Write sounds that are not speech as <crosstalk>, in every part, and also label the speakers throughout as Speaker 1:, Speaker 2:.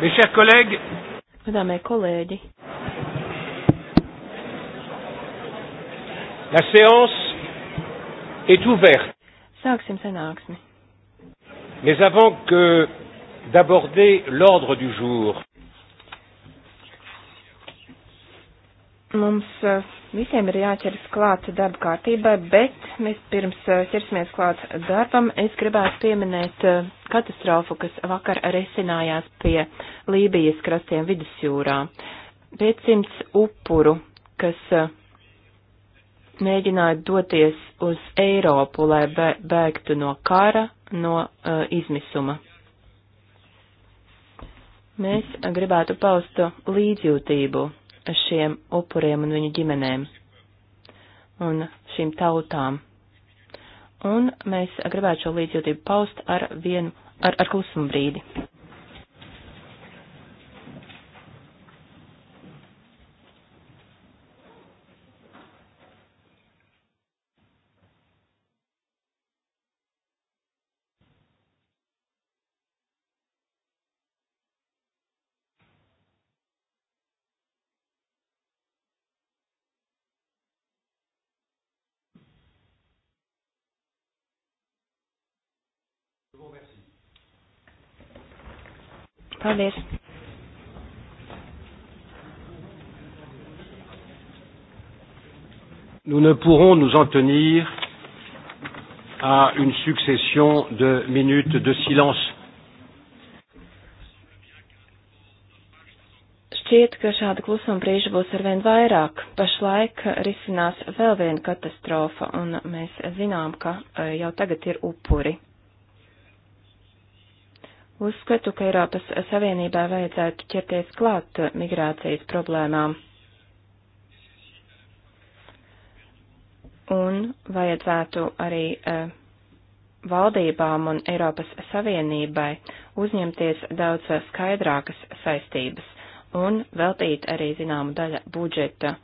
Speaker 1: Mes chers collègues, Madame et collègues,
Speaker 2: la séance est ouverte.
Speaker 1: Sāksim sanāksmi.
Speaker 2: Mais avant que d'aborder l'ordre du jour.
Speaker 1: Mums eh, visiem ir jāķeras klāt darba kārtībai, bet mēs pirms eh, ķersimies klāt darbam, es gribētu pieminēt eh, katastrofu, kas vakar resinājās pie Lībijas krastiem vidusjūrā. 500 upuru, kas mēģināja doties uz Eiropu, lai bēgtu no kara, no uh, izmisuma. Mēs gribētu paust līdzjūtību šiem upuriem un viņu ģimenēm un šīm tautām. Un mēs gribētu šo līdzjūtību paust ar vienu, ar, ar klusumu brīdi. Paldies!
Speaker 2: Nous ne pourrons nous en tenir à une succession de minutes de silence.
Speaker 1: Šķiet, ka šāda klusuma brīža būs arvien vairāk. Pašlaik risinās vēl viena katastrofa, un mēs zinām, ka eh, jau tagad ir upuri. Uzskatu, ka Eiropas Savienībā vajadzētu ķerties klāt migrācijas problēmām. Un vajadzētu arī uh, valdībām un Eiropas Savienībai uzņemties daudz eh, skaidrākas saistības un veltīt arī zināmu daļu budžeta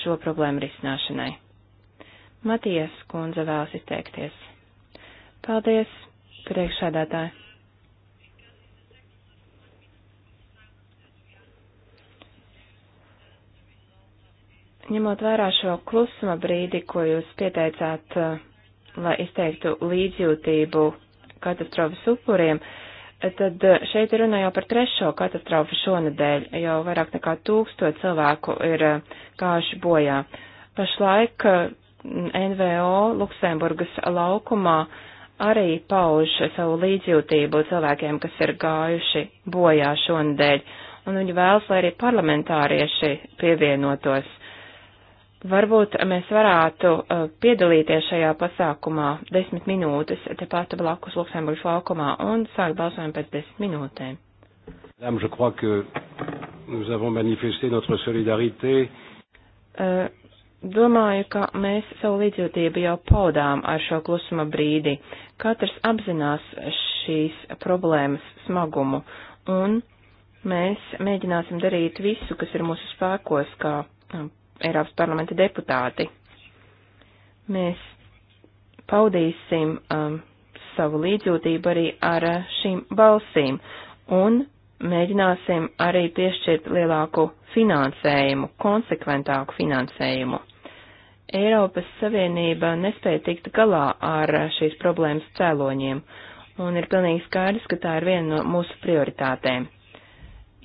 Speaker 1: šo problēmu risināšanai. Matijas kundze vēlas izteikties. Paldies, priekšādātāji! Ņemot vērā šo klusuma brīdi, ko jūs pieteicāt, eh, lai izteiktu līdzjūtību katastrofas upuriem, tad eh, šeit ir runa jau par trešo katastrofu šonadēļ, jau vairāk nekā tūkstot cilvēku ir kāši eh, bojā. Pašlaik NVO Luksemburgas laukumā arī pauž savu līdzjūtību cilvēkiem, kas ir gājuši bojā šonadēļ, un viņi vēlas, lai arī parlamentārieši pievienotos. Varbūt mēs varētu uh, piedalīties šajā pasākumā desmit minūtes tepat blakus Luksemburgas laukumā un sākt balsojumu pēc desmit minūtēm.
Speaker 2: Madame, je crois que nous avons manifesté notre solidarité.
Speaker 1: Uh, domāju, ka mēs savu līdzjūtību jau paudām ar šo klusuma brīdi. Katrs apzinās šīs problēmas smagumu un mēs mēģināsim darīt visu, kas ir mūsu spēkos, kā um, Eiropas parlamenta deputāti. Mēs paudīsim um, savu līdzjūtību arī ar šīm balsīm un mēģināsim arī piešķirt lielāku finansējumu, konsekventāku finansējumu. Eiropas Savienība nespēja tikt galā ar šīs problēmas cēloņiem, un ir pilnīgi skaidrs, ka tā ir viena no mūsu prioritātēm.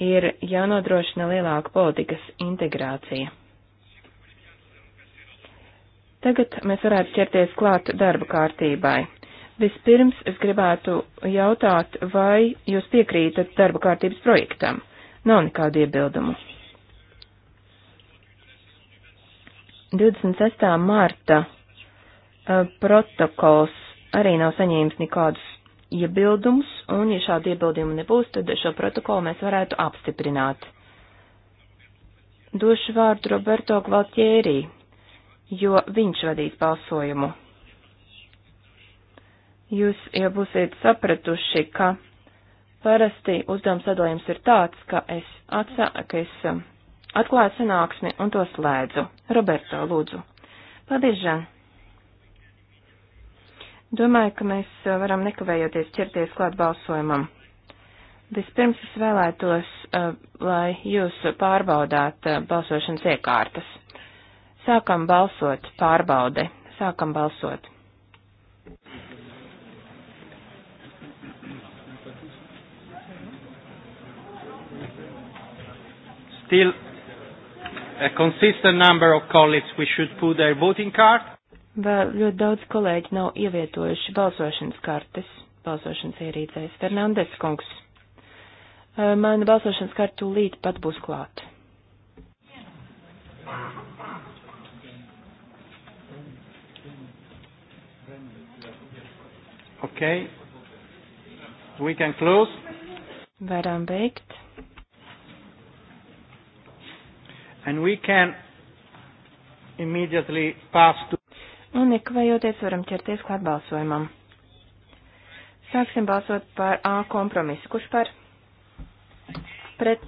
Speaker 1: Ir jānodrošina lielāka politikas integrācija. Tagad mēs varētu ķerties klāt darba kārtībai. Vispirms es gribētu jautāt, vai jūs piekrītat darba kārtības projektam. Nav nekādu iebildumu. 26. marta eh, protokols arī nav saņēmis nekādus iebildumus, un ja šādu iebildumu nebūs, tad šo protokolu mēs varētu apstiprināt. Došu vārdu Roberto Gvaltjērī, jo viņš vadīs balsojumu. Jūs jau būsiet sapratuši, ka parasti uzdevums sadalījums ir tāds, ka es, atsā, ka es um, atklāju sanāksmi un to slēdzu. Roberto, lūdzu. Paldies, Žan. Domāju, ka mēs varam nekavējoties ķerties klāt balsojumam. Vispirms es vēlētos, uh, lai jūs pārbaudāt uh, balsošanas iekārtas. Sākam balsot, pārbaude. Sākam balsot.
Speaker 2: Still a consistent number of colleagues we should put their voting card.
Speaker 1: Vēl ļoti daudz kolēģi nav ievietojuši balsošanas kartes, balsošanas ierīcēs. Fernandes kungs, mana balsošanas kartu līdz pat būs klāta.
Speaker 2: Okay. We can close. Varam beigt. And we can immediately pass to.
Speaker 1: Un nekavējoties varam ķerties klāt balsojumam. Sāksim balsot par A kompromisu. Kurš par? Pret.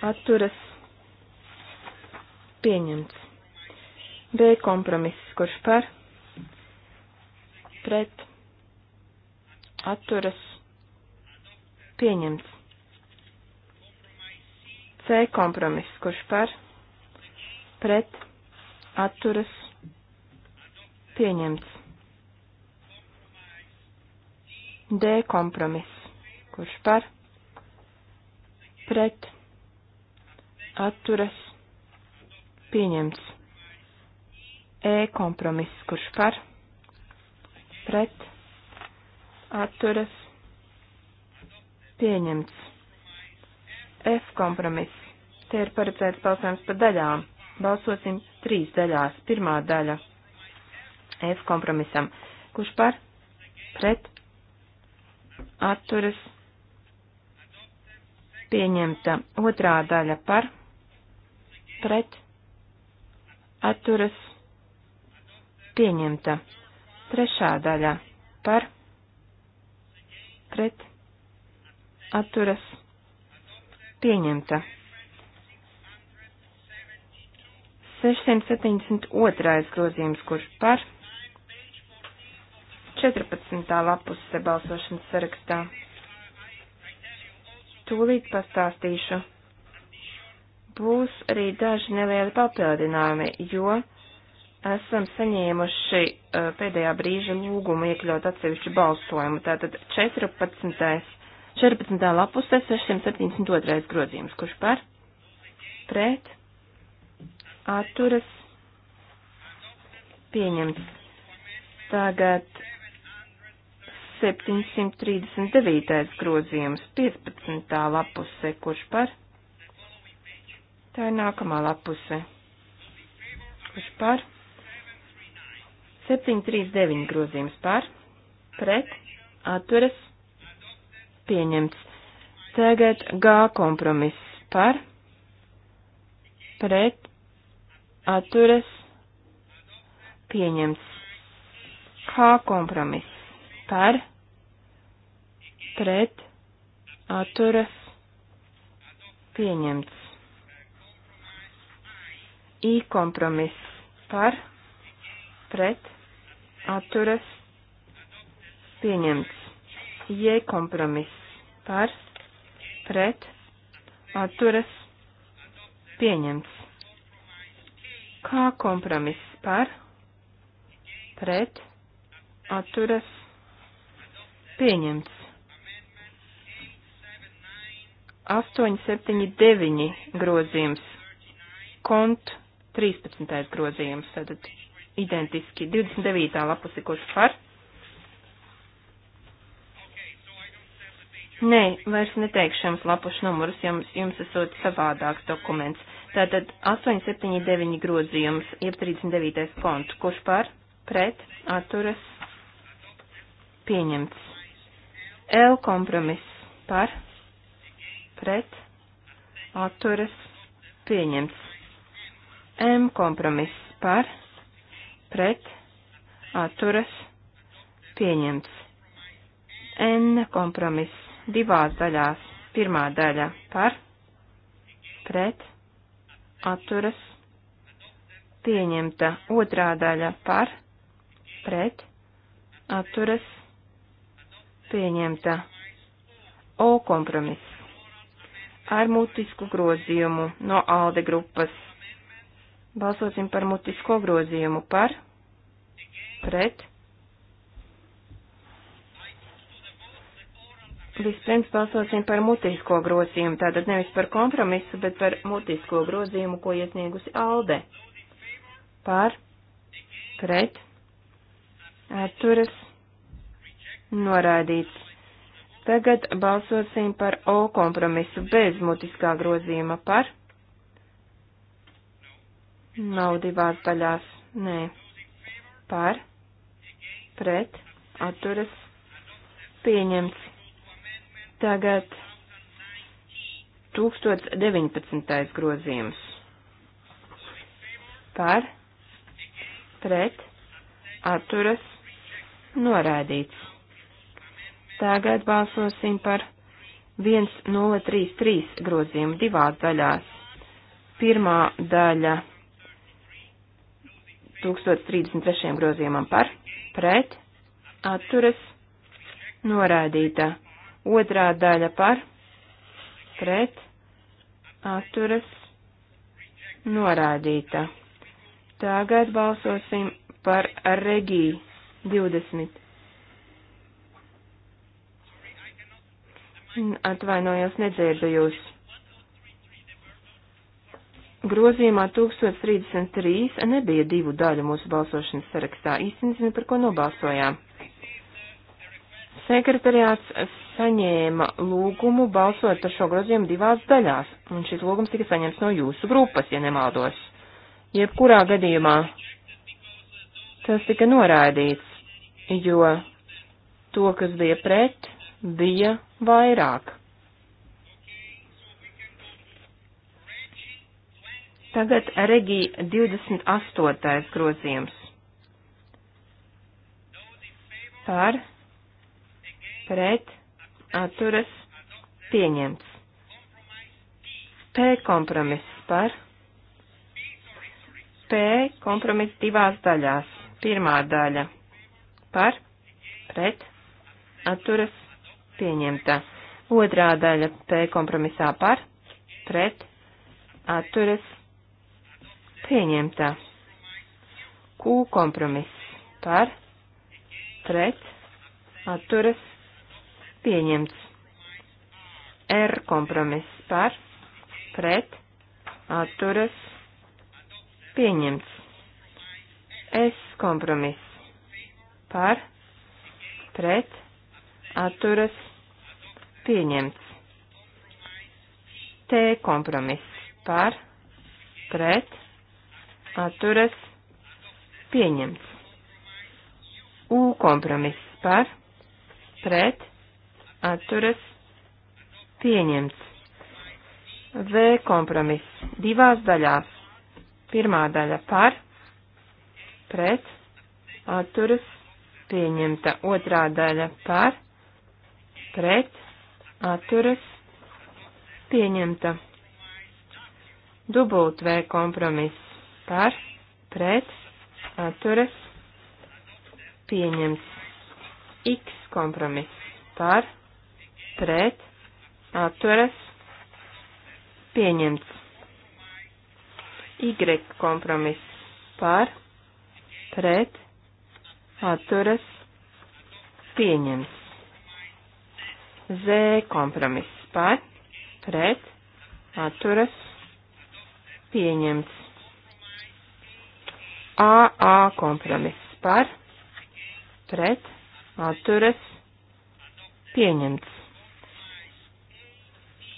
Speaker 1: Atturas. Pieņemts. B kompromiss. Kurš par? pret atturas pieņemts. C kompromiss, kurš par pret atturas pieņemts. D kompromiss, kurš par pret atturas pieņemts. E kompromiss, kurš par pret pret atturas pieņemts. F kompromiss. Te ir paredzēts balsojums pa daļām. Balsosim trīs daļās. Pirmā daļa F kompromisam. Kurš par? Pret atturas pieņemta. Otrā daļa par? Pret atturas pieņemta. Trešā daļa par pret atturas pieņemta. 672. grozījums, kurš par 14. lapus balsošanas sarakstā. Tūlīt pastāstīšu. Būs arī daži nelieli papildinājumi, jo esam saņēmuši eh, pēdējā brīža lūgumu iekļaut atsevišķu balsojumu. Tātad 14. 14. lapusē 672. grozījums. Kurš par? Pret? Atturas? Pieņemts. Tagad 739. grozījums 15. lapusē. Kurš par? Tā ir nākamā lapusē. Kurš par? 739 grozījums par, pret, atturas, pieņemts. Tagad G kompromiss par, pret, atturas, pieņemts. H kompromiss par, pret, atturas, pieņemts. I kompromiss par, pret, atturas pieņemts. J kompromiss par, pret, atturas pieņemts. K kompromiss par, pret, atturas pieņemts. 879 grozījums, kont 13. grozījums, tad identiski. 29. lapuse, kurš par? Nē, vairs neteikšu jums lapušu numurus, jums, jums esot savādāks dokuments. Tātad 879 grozījums, jeb 39. konts, kurš par? Pret, atturas, pieņemts. L kompromiss par, pret, atturas, pieņemts. M kompromiss par, pret, atturas, pieņemts. N kompromiss divās daļās. Pirmā daļa par, pret, atturas, pieņemta. Otrā daļa par, pret, atturas, pieņemta. O kompromiss ar mutisku grozījumu no ALDE grupas Balsosim par mutisko grozījumu par, pret. Vispirms balsosim par mutisko grozījumu, tātad nevis par kompromisu, bet par mutisko grozījumu, ko iesniegusi Alde. Par, pret, atturas, noraidīts. Tagad balsosim par O kompromisu bez mutiskā grozījuma par, pret Nav divās daļās. Nē. Par. Pret. Atturas. Pieņemts. Tagad 1019. grozījums. Par. Pret. Atturas. Norādīts. Tagad balsosim par 1033 grozījumu divās daļās. Pirmā daļa 1033. grozījumam par, pret, atturas, norādītā. Otrā daļa par, pret, atturas, norādītā. Tagad balsosim par Regī 20. Atvainojos, nedzirdu jūs. Grozījumā 1033 nebija divu daļu mūsu balsošanas sarakstā. Īsti nezinu, par ko nobalsojām. Sekretariāts saņēma lūgumu balsot par šo grozījumu divās daļās, un šis lūgums tika saņemts no jūsu grupas, ja nemaldos. Jebkurā gadījumā tas tika noraidīts, jo to, kas bija pret, bija vairāk. Tagad Regī 28. grozījums. Par, pret, atturas, pieņemts. P kompromiss par. P kompromiss divās daļās. Pirmā daļa par, pret, atturas, pieņemta. Otrā daļa P kompromisā par, pret, atturas, pieņemta. Q kompromiss par, pret, atturas, pieņemts. R kompromiss par, pret, atturas, pieņemts. S kompromiss par, pret, atturas, pieņemts. T kompromiss par, pret, atturas pieņemts. U kompromiss par, pret, atturas pieņemts. V kompromiss divās daļās. Pirmā daļa par, pret, atturas pieņemta. Otrā daļa par, pret, atturas pieņemta. Dubult V kompromiss par, pret, atturas, pieņemts. X kompromiss par, pret, atturas, pieņemts. Y kompromiss par, pret, atturas, pieņemts. Z kompromiss par, pret, atturas, pieņemts. AA kompromiss par, pret, atturas, pieņemts.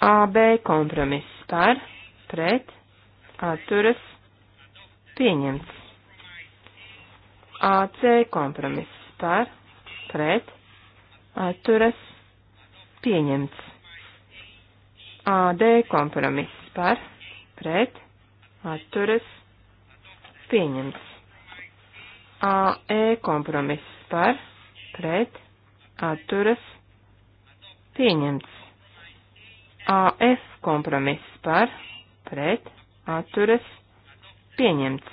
Speaker 1: AB kompromiss par, pret, atturas, pieņemts. AC kompromiss par, pret, atturas, pieņemts. AD kompromiss par, pret, atturas, pieņemts. AE kompromiss par, pret, atturas, pieņemts. AF kompromiss par, pret, atturas, pieņemts.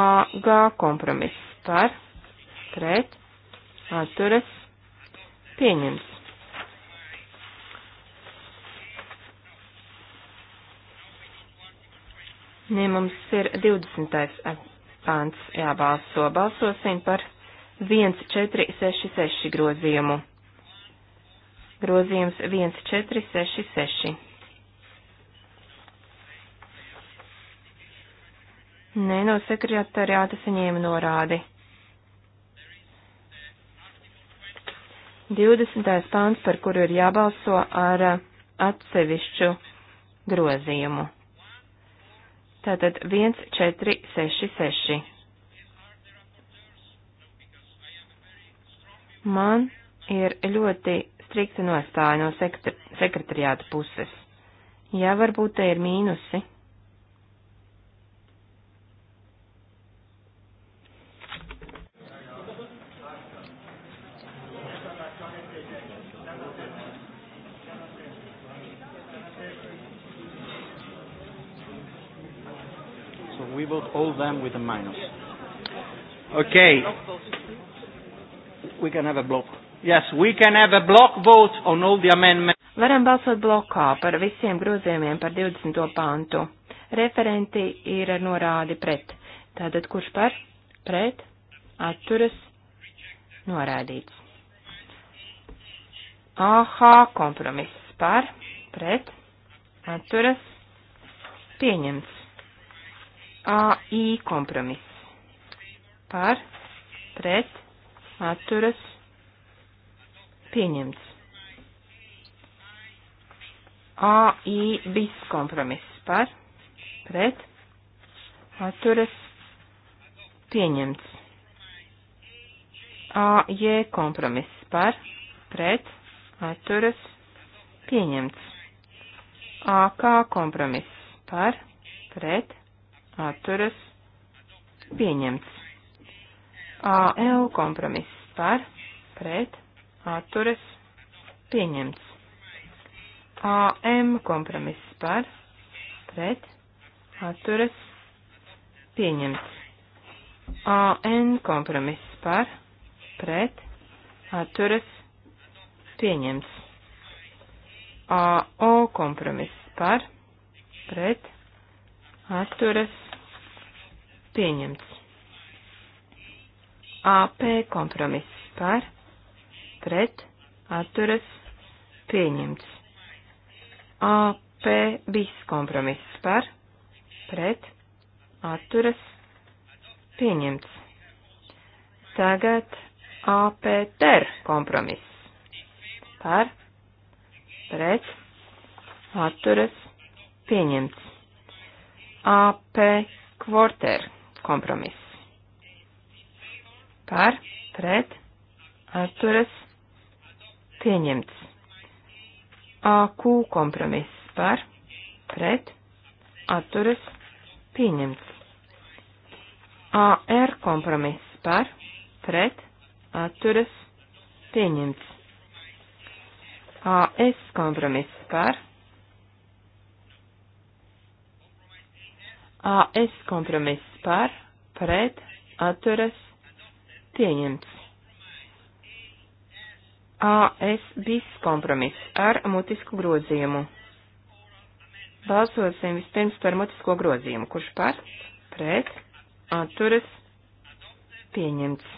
Speaker 1: AG kompromiss par, pret, atturas, pieņemts. Ne, mums ir 20 pants jābalso. Balsosim par 1466 grozījumu. Grozījums 1466. Nē, no sekretariāta saņēma norādi. 20. pāns, par kuru ir jābalso ar atsevišķu grozījumu. Tātad 1466. Man ir ļoti strikta nostāja no sekretariāta puses. Jā, varbūt te ir mīnusi.
Speaker 2: all them with a minus. Okay. We can have a block. Yes, we can have a block vote on all the amendments.
Speaker 1: Varam balsot blokā par visiem grozījumiem par 20. pantu. Referenti ir ar norādi pret. Tātad kurš par? Pret. Atturas. Norādīts. Aha, kompromiss par. Pret. Atturas. Pieņemts. AI kompromiss. Par, pret, atturas, pieņemts. AI bis kompromiss. Par, pret, atturas, pieņemts. AJ kompromiss. Par, pret, atturas, pieņemts. AK kompromiss. Par, pret, atturas pieņemts. AL kompromiss par, pret, atturas pieņemts. AM kompromiss par, pret, atturas pieņemts. AN kompromiss par, pret, atturas pieņemts. AO kompromiss par, pret, atturas pieņemts. AP kompromiss par, pret, atturas, pieņemts. AP bis kompromiss par, pret, atturas, pieņemts. Tagad AP ter kompromiss par, pret, atturas, pieņemts. AP kvarter kompromiss. Par, pret, atturas, pieņemts. AQ kompromiss par, pret, atturas, pieņemts. AR kompromiss par, pret, atturas, pieņemts. AS kompromiss par, AS kompromiss par, pret, atturas, pieņemts. AS bis kompromiss ar mutisku grozījumu. Balsosim vispirms par mutisko grozījumu, kurš par, pret, atturas, pieņemts.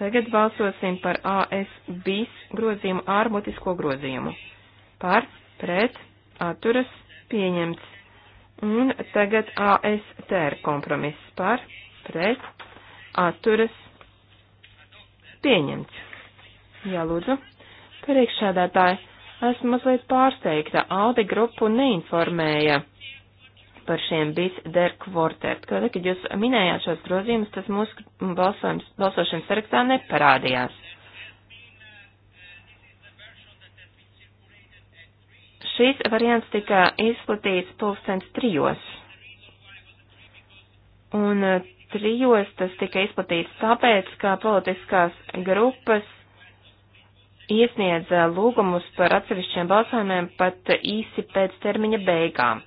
Speaker 1: Tagad balsosim par AS bis grozījumu ar mutisko grozījumu. Par, pret, atturas, pieņemts. Un tagad ASTR kompromiss par, pret, atturas, pieņemts. Jā, lūdzu. Priekšsēdētāji, esmu mazliet pārsteigta. Aldi grupu neinformēja par šiem bis der kvortert. Kad, kad jūs minējāt šos grozījumus, tas mūsu balsojums, balsošanas sarakstā neparādījās. Šis variants tika izplatīts pulkstens trijos. Un e, trijos tas tika izplatīts tāpēc, ka politiskās grupas iesniedza lūgumus par atsevišķiem balsojumiem pat īsi pēc termiņa beigām.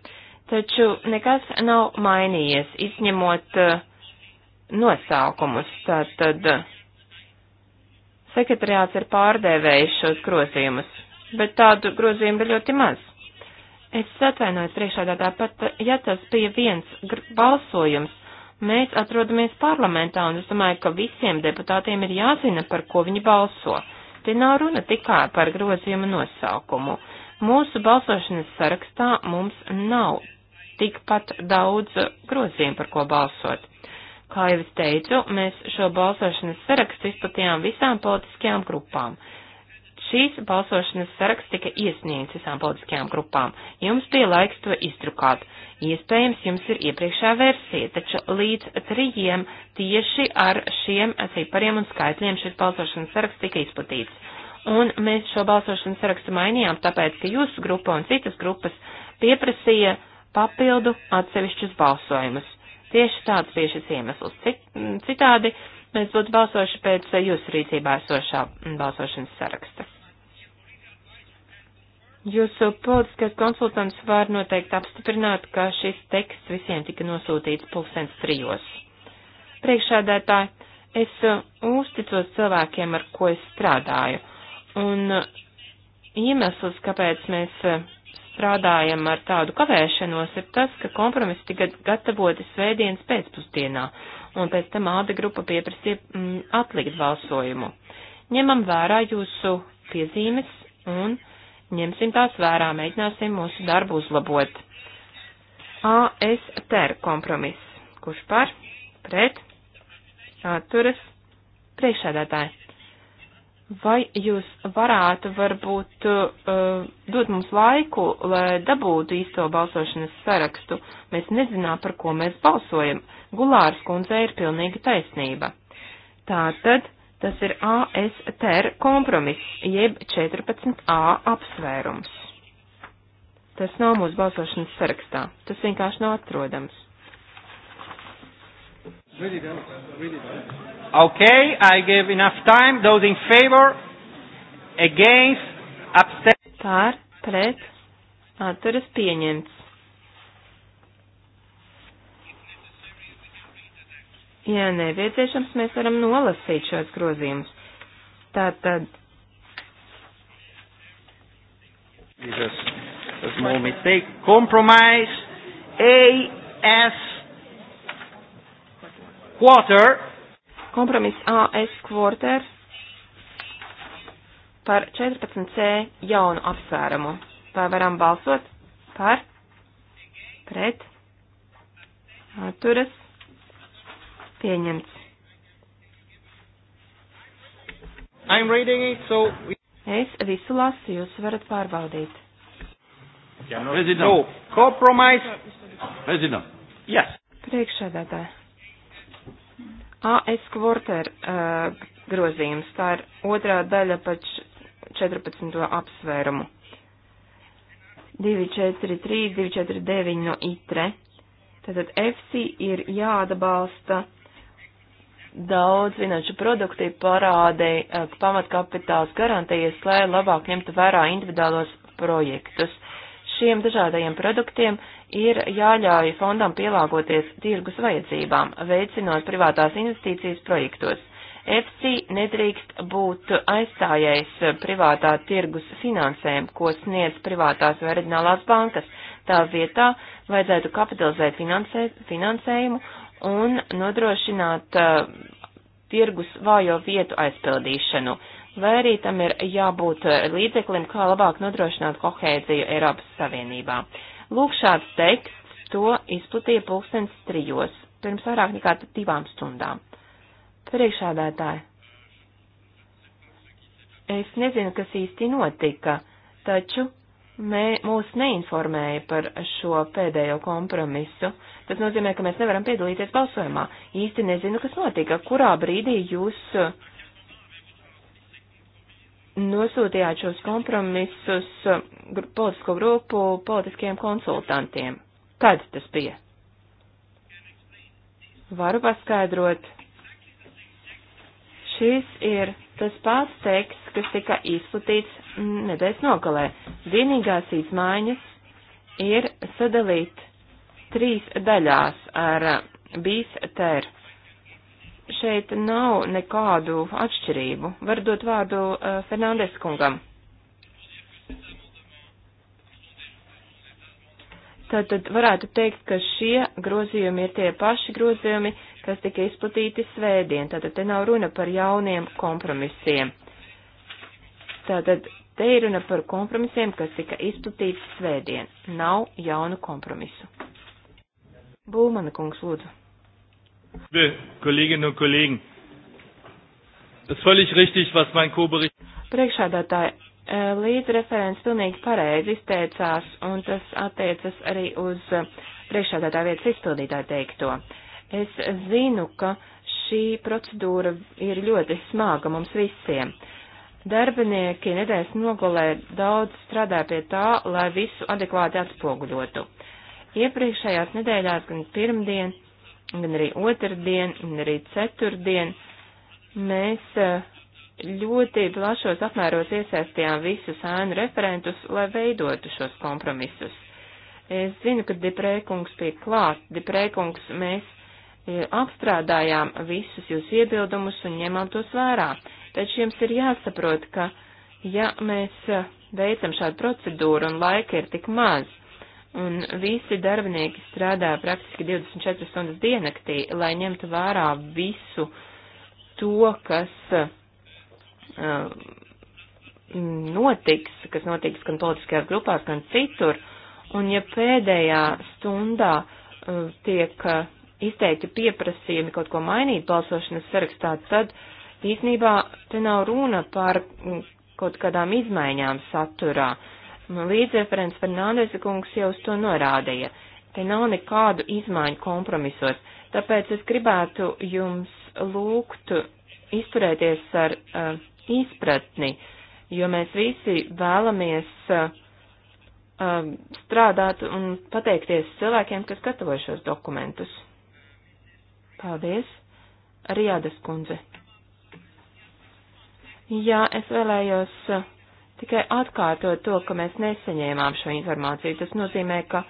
Speaker 1: Taču nekas nav mainījies, izņemot e, nosaukumus. Tātad e, sekretariāts ir pārdēvējis šos grozījumus bet tādu grozījumu bija ļoti maz. Es atvainojos priekšādā tāpat, ja tas bija viens balsojums, mēs atrodamies parlamentā, un es domāju, ka visiem deputātiem ir jāzina, par ko viņi balso. Te nav runa tikai par grozījumu nosaukumu. Mūsu balsošanas sarakstā mums nav tikpat daudz grozījumu, par ko balsot. Kā jau es teicu, mēs šo balsošanas sarakstu izplatījām visām politiskajām grupām. Šīs balsošanas saraksts tika iesniegts visām politiskajām grupām. Jums bija laiks to izdrukāt. Iespējams, jums ir iepriekšā versija, taču līdz trījiem tieši ar šiem cipariem un skaitļiem šis balsošanas saraksts tika izplatīts. Un mēs šo balsošanas sarakstu mainījām, tāpēc, ka jūsu grupa un citas grupas pieprasīja papildu atsevišķus balsojumus. Tieši tāds bija šis iemesls. Cit, citādi mēs būtu balsojuši pēc jūsu rīcībā esošā balsošanas saraksta. Jūsu politiskais konsultants var noteikti apstiprināt, ka šis teksts visiem tika nosūtīts pulkstens trijos. Priekšādētāji, es uzticos cilvēkiem, ar ko es strādāju, un iemesls, kāpēc mēs strādājam ar tādu kavēšanos, ir tas, ka kompromisi tika gatavoti svētdienas pēcpusdienā, un pēc tam āda grupa pieprasīja mm, atlikt balsojumu. Ņemam vērā jūsu piezīmes un Ņemsim tās vērā, mēģināsim mūsu darbu uzlabot. ASTR kompromiss. Kurš par? Pret? Atturas? Priekšādātāji. Vai jūs varētu varbūt uh, dot mums laiku, lai dabūtu īsto balsošanas sarakstu? Mēs nezinām, par ko mēs balsojam. Gulārs kundzei ir pilnīga taisnība. Tātad Tas ir ASTR kompromiss, jeb 14A apsvērums. Tas nav mūsu balsošanas sarakstā. Tas vienkārši nav atrodams.
Speaker 2: Really don't, really don't. Okay, I gave enough time. Those in favor, against, abstain.
Speaker 1: Pār, pret, atturas pieņemts. Ja nepieciešams, mēs varam nolasīt šos grozījumus. Tātad. Jesus, a small mistake. Compromise AS quarter. Kompromiss AS quarter par 14C jaunu apsvērumu. Vai varam balsot par, pret, atturas? pieņemts.
Speaker 2: I'm reading it, so...
Speaker 1: Es visu lasu, jūs varat pārbaudīt.
Speaker 2: Prezident. No, compromise. Prezident. Yes.
Speaker 1: Priekšsēdētā. AS kvarter uh, grozījums, tā ir otrā daļa pač 14. apsvērumu. 243, 249 no ITRE. Tātad FC ir jāatbalsta daudz finanšu produkti parādi eh, pamatkapitāls garantijas, lai labāk ņemtu vērā individuālos projektus. Šiem dažādajiem produktiem ir jāļauj fondam pielāgoties tirgus vajadzībām, veicinot privātās investīcijas projektos. FC nedrīkst būt aizstājais privātā tirgus finansēm, ko sniedz privātās vai reģionālās bankas. Tā vietā vajadzētu kapitalizēt finansē, finansējumu un nodrošināt uh, tirgus vājo vietu aizpildīšanu, vai arī tam ir jābūt eh, līdzeklim, kā labāk nodrošināt kohēziju Eiropas Savienībā. Lūk, šāds teksts to izplatīja pulkstens trijos, pirms vairāk nekā divām stundām. Priekšādētāji, es nezinu, kas īsti notika, taču mē, mūs neinformēja par šo pēdējo kompromisu. Uh, Tas nozīmē, ka mēs nevaram piedalīties balsojumā. Īsti nezinu, kas notika, kurā brīdī jūs uh, nosūtījāt šos kompromisus uh, politisko grupu politiskiem konsultantiem. Kad tas bija? Varu paskaidrot. Šis ir tas pats teksts, kas tika izplatīts nedēļas nogalē. Vienīgās izmaiņas ir sadalīt trīs daļās ar eh, bīs ter. Šeit nav nekādu atšķirību. Var dot vārdu uh, Fernandes kungam. Tātad varētu teikt, ka šie grozījumi ir tie paši grozījumi, kas tika izplatīti svētdien. Tātad te nav runa par jauniem kompromisiem. Tātad te ir runa par kompromisiem, kas tika izplatīti svētdien. Nav jaunu kompromisu. Būmana kungs, lūdzu. Kolēģinu un kolēģinu.
Speaker 2: Tas völlig richtig, was mein Kobericht.
Speaker 1: Priekšādātāji, eh, līdzreferents pilnīgi pareizi izteicās, un tas attiecas arī uz eh, priekšādātāja vietas izpildītāju teikto. Es zinu, ka šī procedūra ir ļoti smaga mums visiem. Darbinieki nedēļas nogulē daudz strādā pie tā, lai visu adekvāti atspoguļotu. Iepriekšējās nedēļās gan pirmdien, gan arī otrdien, gan arī ceturtdien mēs eh, ļoti plašos apmēros iesaistījām visus ēnu referentus, lai veidotu šos kompromisus. Es zinu, ka Deprēkungs bija klāt. Deprēkungs mēs eh, apstrādājām visus jūs iebildumus un ņemām tos vērā. Taču jums ir jāsaprot, ka ja mēs eh, veicam šādu procedūru un laika ir tik maz, un visi darbinieki strādā praktiski 24 stundas diennaktī, lai ņemtu vērā visu to, kas uh, notiks, kas notiks gan politiskajās grupās, gan citur, un ja pēdējā stundā uh, tiek uh, izteikti pieprasījumi kaut ko mainīt balsošanas sarakstā, tad īsnībā te nav runa par mm, kaut kādām izmaiņām saturā. Uh, Līdzreferents Fernandesa kungs jau uz to norādīja. Te nav nekādu izmaiņu kompromisos, tāpēc es gribētu jums lūgt izturēties ar uh, izpratni, jo mēs visi vēlamies uh, uh, strādāt un pateikties cilvēkiem, kas gatavo šos dokumentus. Paldies, Riādas kundze. Jā, es vēlējos. Uh, tikai atkārtot to, ka mēs nesaņēmām šo informāciju. Tas nozīmē, ka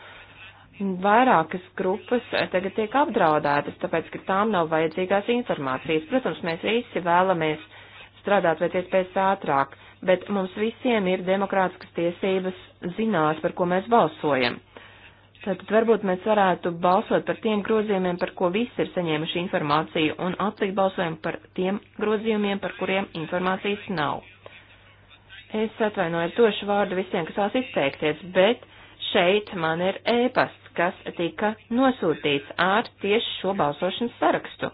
Speaker 1: vairākas grupas tagad tiek apdraudētas, tāpēc, ka tām nav vajadzīgās informācijas. Protams, mēs visi vēlamies strādāt pēc iespējas ātrāk, bet mums visiem ir demokrātiskas tiesības zināt, par ko mēs balsojam. Tātad varbūt mēs varētu balsot par tiem grozījumiem, par ko visi ir saņēmuši informāciju, un atlikt balsojumu par tiem grozījumiem, par kuriem informācijas nav. Es atvainoju, došu vārdu visiem, kas vēlas izteikties, bet šeit man ir ēpasts, kas tika nosūtīts ar tieši šo balsošanas sarakstu.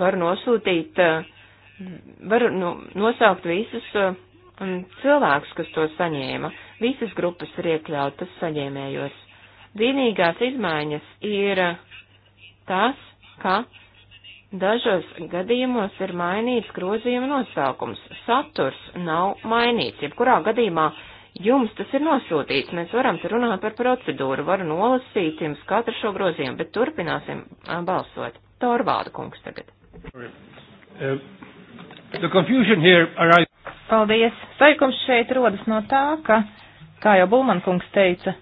Speaker 1: Var nosūtīt, eh, var nu, nosaukt visus eh, cilvēkus, kas to saņēma. Visas grupas ir iekļautas saņēmējos. Vienīgās izmaiņas ir eh, tas, ka Dažos gadījumos ir mainīts grozījuma nosaukums. Saturs nav mainīts. Jebkurā gadījumā jums tas ir nosūtīts. Mēs varam te runāt par procedūru, varu nolasīt jums katru šo grozījumu, bet turpināsim balsot. Torvāda kungs tagad.
Speaker 2: Uh,
Speaker 1: Paldies. Saikums šeit rodas no tā, ka, kā jau Bulman kungs teica,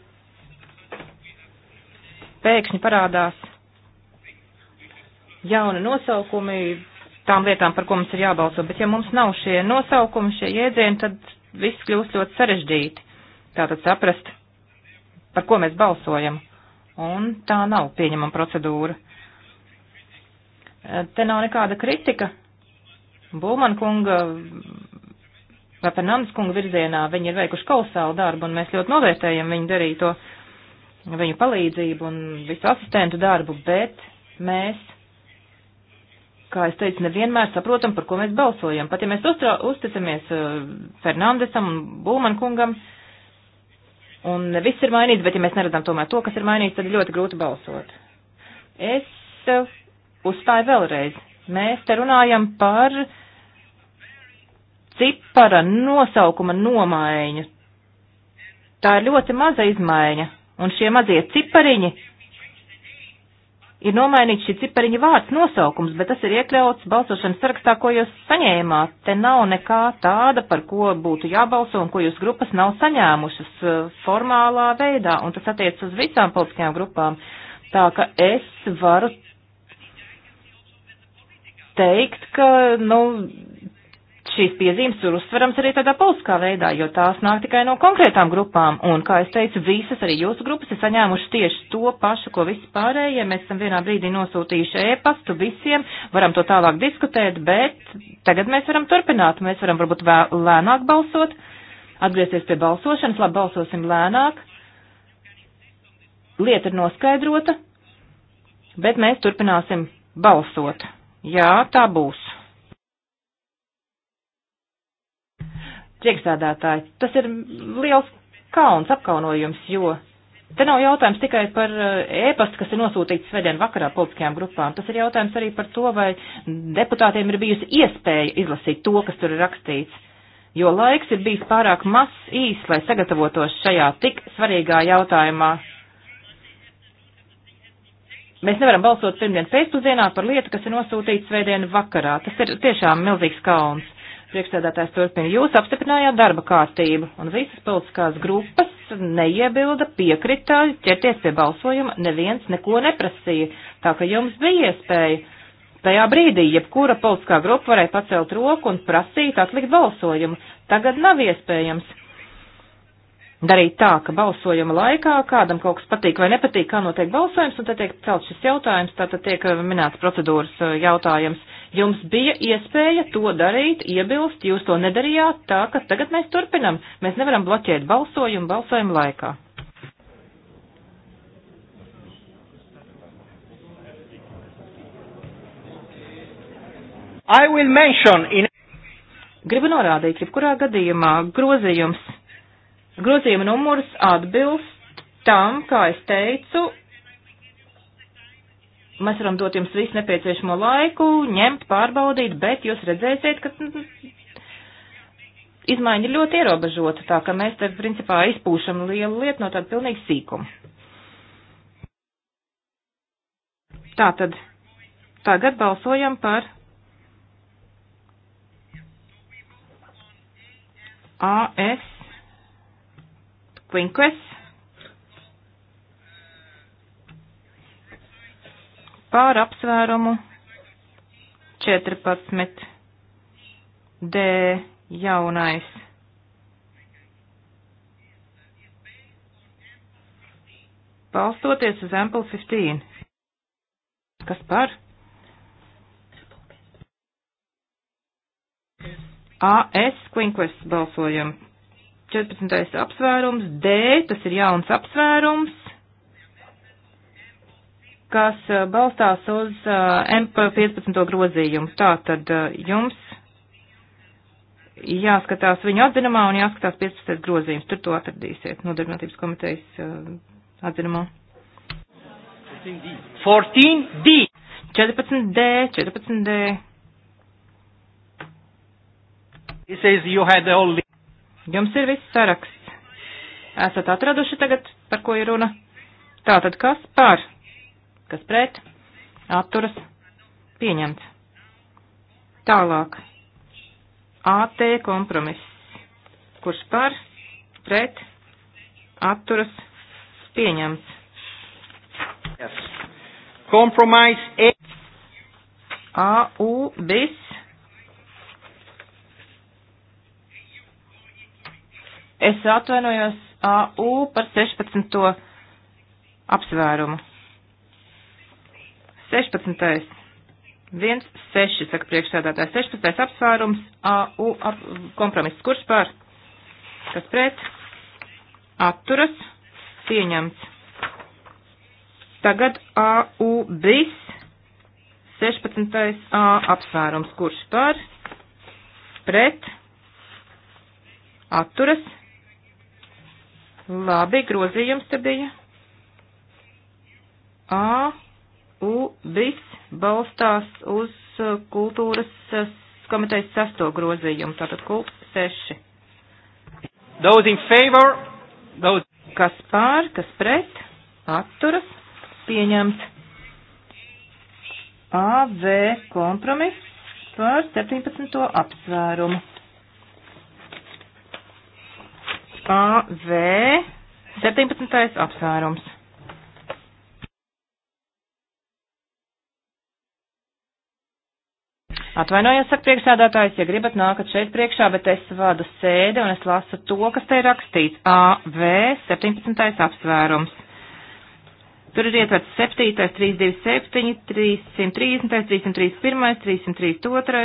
Speaker 1: pēkšņi parādās jauni nosaukumi tām lietām, par ko mums ir jābalso, bet ja mums nav šie nosaukumi, šie jēdzieni, tad viss kļūst ļoti sarežģīti. Tātad saprast, par ko mēs balsojam. Un tā nav pieņemama procedūra. Eh, te nav nekāda kritika. Bulman kunga vai Fernandes kunga virzienā viņi ir veikuši kolosālu darbu, un mēs ļoti novērtējam viņu darīto, viņu palīdzību un visu asistentu darbu, bet mēs kā es teicu, nevienmēr saprotam, par ko mēs balsojam. Pat ja mēs uzticamies uh, Fernandesam un Būman kungam, un viss ir mainīts, bet ja mēs neredzam tomēr to, kas ir mainīts, tad ir ļoti grūti balsot. Es uh, uzstāju vēlreiz. Mēs te runājam par cipara nosaukuma nomaiņu. Tā ir ļoti maza izmaiņa, un šie mazie cipariņi ir nomainīts šī cipariņa vārds nosaukums, bet tas ir iekļauts balsošanas sarakstā, ko jūs saņēmāt. Te nav nekā tāda, par ko būtu jābalso un ko jūs grupas nav saņēmušas uh, formālā veidā, un tas attiec uz visām politiskajām grupām. Tā ka es varu teikt, ka, nu, šīs piezīmes ir uzsverams arī tādā politiskā veidā, jo tās nāk tikai no konkrētām grupām. Un, kā es teicu, visas arī jūsu grupas ir saņēmušas tieši to pašu, ko visi pārējie. Mēs esam vienā brīdī nosūtījuši ēpastu e visiem, varam to tālāk diskutēt, bet tagad mēs varam turpināt. Mēs varam varbūt vēl lēnāk balsot, atgriezties pie balsošanas, labi balsosim lēnāk. Lieta ir noskaidrota, bet mēs turpināsim balsot. Jā, tā būs. Priekšsēdētāji, tas ir liels kauns apkaunojums, jo te nav jautājums tikai par ēpastu, eh, kas ir nosūtīts svedien vakarā politiskajām grupām. Tas ir jautājums arī par to, vai deputātiem ir bijusi iespēja izlasīt to, kas tur ir rakstīts jo laiks ir bijis pārāk mazs īs, lai sagatavotos šajā tik svarīgā jautājumā. Mēs nevaram balsot pirmdien pēcpusdienā par lietu, kas ir nosūtīta svētdien vakarā. Tas ir tiešām milzīgs kauns. Priekšsēdētājs turpina. Jūs apstiprinājāt darba kārtību, un visas politiskās grupas neiebilda, piekrita ķerties pie balsojuma, neviens neko neprasīja. Tā ka jums bija iespēja. Tajā brīdī jebkura politiskā grupa varēja pacelt roku un prasīt atlikt balsojumu. Tagad nav iespējams darīt tā, ka balsojuma laikā kādam kaut kas patīk vai nepatīk, kā notiek balsojums, un tad tiek celt šis jautājums, tātad tiek uh, minēts procedūras uh, jautājums. Jums bija iespēja to darīt, iebilst, jūs to nedarījāt, tā ka tagad mēs turpinam. Mēs nevaram bloķēt balsojumu balsojumu laikā. In... Gribu norādīt, ka kurā gadījumā grozījums, grozījuma numurs atbilst tam, kā es teicu, Mēs varam dot jums visu nepieciešamo laiku, ņemt, pārbaudīt, bet jūs redzēsiet, ka
Speaker 2: mm, mm,
Speaker 1: izmaiņa ir ļoti ierobežota, tā ka mēs te principā izpūšam lielu lietu no tāda pilnīgi sīkuma. Tātad tagad balsojam par AS Kvinkves pār apsvērumu 14 D jaunais. Balstoties uz Ample 15. Kas par? AS Quinkvests balsojumu. 14. apsvērums D, tas ir jauns apsvērums kas uh, balstās uz uh, MP15 grozījumu. Tātad uh, jums jāskatās viņu atzinumā un jāskatās 15 grozījums. Tur to atradīsiet nodarbinātības komitejas atzinumā. 14D. 14D. 14D. Jums ir viss saraksts. Esat atraduši tagad, par ko ir runa? Tātad kas par? kas pret, atturas, pieņemts. Tālāk. AT kompromiss. Kurš par, pret, atturas, pieņemts. Yes. Compromise A. AU bis. Es atvainojos AU par 16. apsvērumu. 16. 1, 6, saka priekšsēdētājs, 16. apsvērums, AU ap, kompromiss, kurš pār, kas pret, atturas, pieņemts. Tagad AU bis, 16. A apsvērums, kurš pār, pret, atturas, labi, grozījums te bija. A, UBIS balstās uz uh, kultūras uh, komitejas sesto grozījumu, tātad KUP 6.
Speaker 2: Those in favor,
Speaker 1: those... Kas pār, kas pret, atturas, pieņemts. AV kompromiss par 17. apsvērumu. AV 17. apsvērums. Atvainojiet, saka priekšsēdētājs, ja gribat nākat šeit priekšā, bet es vadu sēdi un es lasu to, kas te ir rakstīts. AV 17. apsvērums. Tur ir ietverts 7, 327, 330, 331, 332,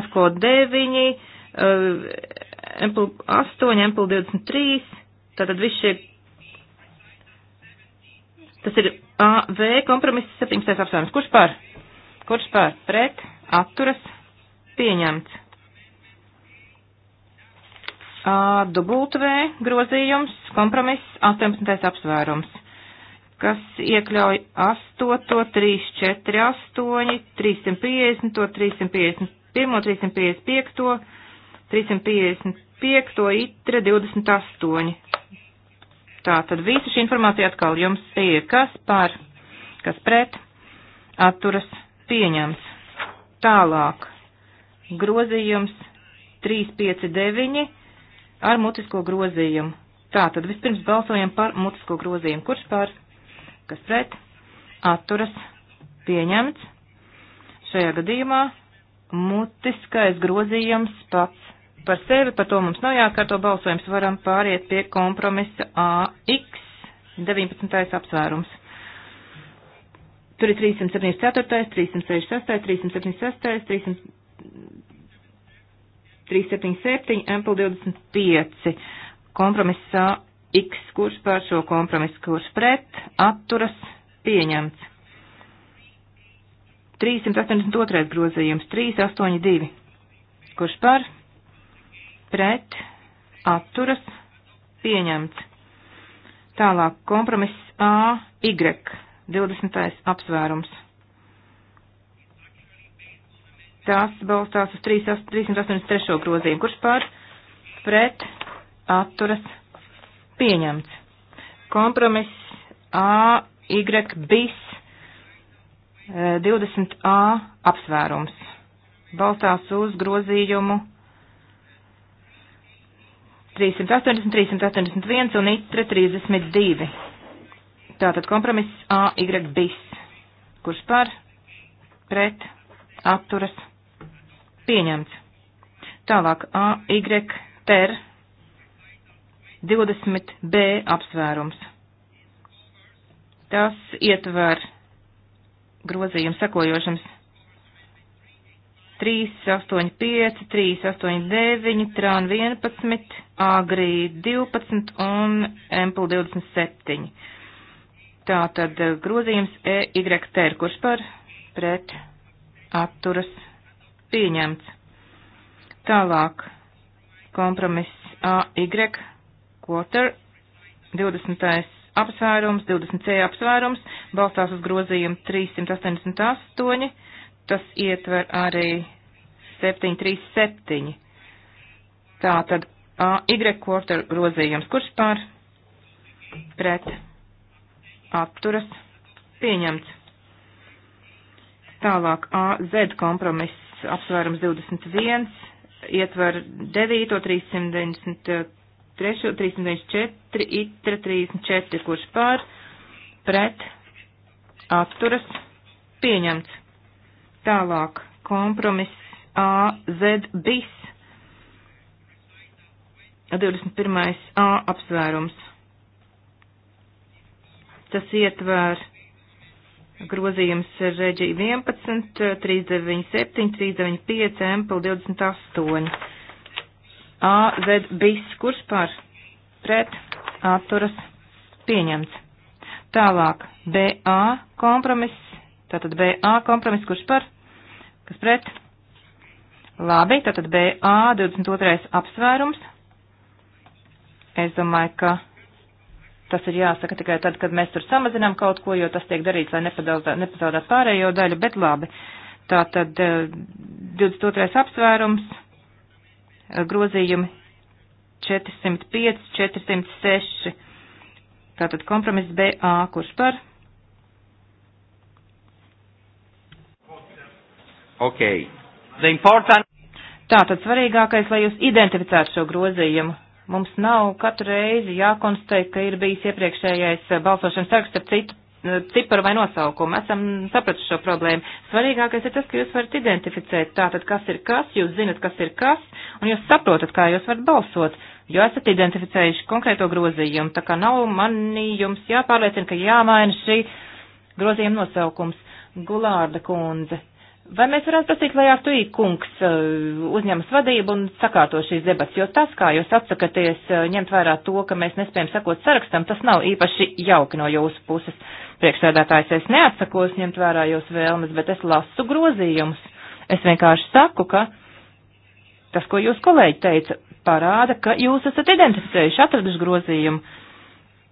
Speaker 1: AFCO 9, MPL 8, MPL 23, tātad viss šie. Tas ir AV kompromiss 17. apsvērums. Kurš pār? Kurš pār? Pret? atturas pieņemts. Dubultvē grozījums, kompromiss, 18. apsvērums, kas iekļauj 8, 3, 4, 8, 350, 351, 355, 355, itre 28. Tātad visa šī informācija atkal jums ir, kas par, kas pret, atturas pieņems. Tālāk. Grozījums 359 ar mutisko grozījumu. Tātad vispirms balsojam par mutisko grozījumu. Kurš pār? Kas pret? Atturas pieņemts. Šajā gadījumā mutiskais grozījums pats par sevi, par to mums nav jākārto balsojums, varam pāriet pie kompromisa AX 19. apsvērums. Tur ir 374, 366, 376, 377, MP25, kompromiss X, kurš pār šo kompromisu, kurš pret, atturas, pieņemts. 382 grozījums, 382, kurš pār, pret, atturas, pieņemts. Tālāk kompromiss A, Y 20. apsvērums. Tās balstās uz 383. grozījumu, kurš pār pret atturas pieņemts. Kompromiss A, Y, bis 20A eh, apsvērums. Balstās uz grozījumu 380, 381 un itre 32. Tātad kompromiss AY bis, kurš par, pret, apturas, pieņemts. Tālāk AY ter 20B apsvērums. Tas ietver grozījumu sekojošams 385, 389, TRAN 11, AGRI 12 un MPL 27. Tā tad eh, grozījums EYTR, kurš par pret atturas pieņemts. Tālāk kompromiss AY, quarter, 20. apsvērums, 20C apsvērums, balstās uz grozījumu 388, tas ietver arī 737. Tā tad AY quarter grozījums, kurš par pret atturas pieņemts atturas pieņemts. Tālāk AZ kompromiss apsvērums 21 ietver 9, 393, 394, itra 34, kurš pār, pret, atturas, pieņemts. Tālāk kompromiss AZ bis 21. A apsvērums Tas ietver grozījums reģi 11, 397, 395, MPL 28. AZ bis, kurš par pret atturas pieņemts. Tālāk BA kompromiss, tātad BA kompromiss, kurš par, kas pret. Labi, tātad BA 22. apsvērums. Es domāju, ka tas ir jāsaka tikai tad, kad mēs tur samazinām kaut ko, jo tas tiek darīts, lai nepazaudētu pārējo daļu, bet labi. Tā tad 22. apsvērums, eh, grozījumi 405, 406, tātad kompromiss BA, kurš par?
Speaker 2: Ok. The important...
Speaker 1: Tātad svarīgākais, lai jūs identificētu šo grozījumu Mums nav katru reizi jākonstatē, ka ir bijis iepriekšējais eh, balsošanas saraksts ar citu eh, ciparu vai nosaukumu. Esam sapratuši šo problēmu. Svarīgākais ir tas, ka jūs varat identificēt tātad, kas ir kas, jūs zinat, kas ir kas, un jūs saprotat, kā jūs varat balsot, jo esat identificējuši konkrēto grozījumu. Tā kā nav manī jums jāpārliecina, ka jāmaina šī grozījuma nosaukums. Gulārda kundze. Vai mēs varētu prasīt, lai Artuī kungs eh, uzņemas vadību un sakārto šīs debats, jo tas, kā jūs atsakaties eh, ņemt vērā to, ka mēs nespējam sakot sarakstam, tas nav īpaši jauki no jūsu puses. Priekšsēdētājs es neatsakos ņemt vērā jūsu vēlmes, bet es lasu grozījumus. Es vienkārši saku, ka tas, ko jūs kolēģi teica, parāda, ka jūs esat identificējuši atraduši grozījumu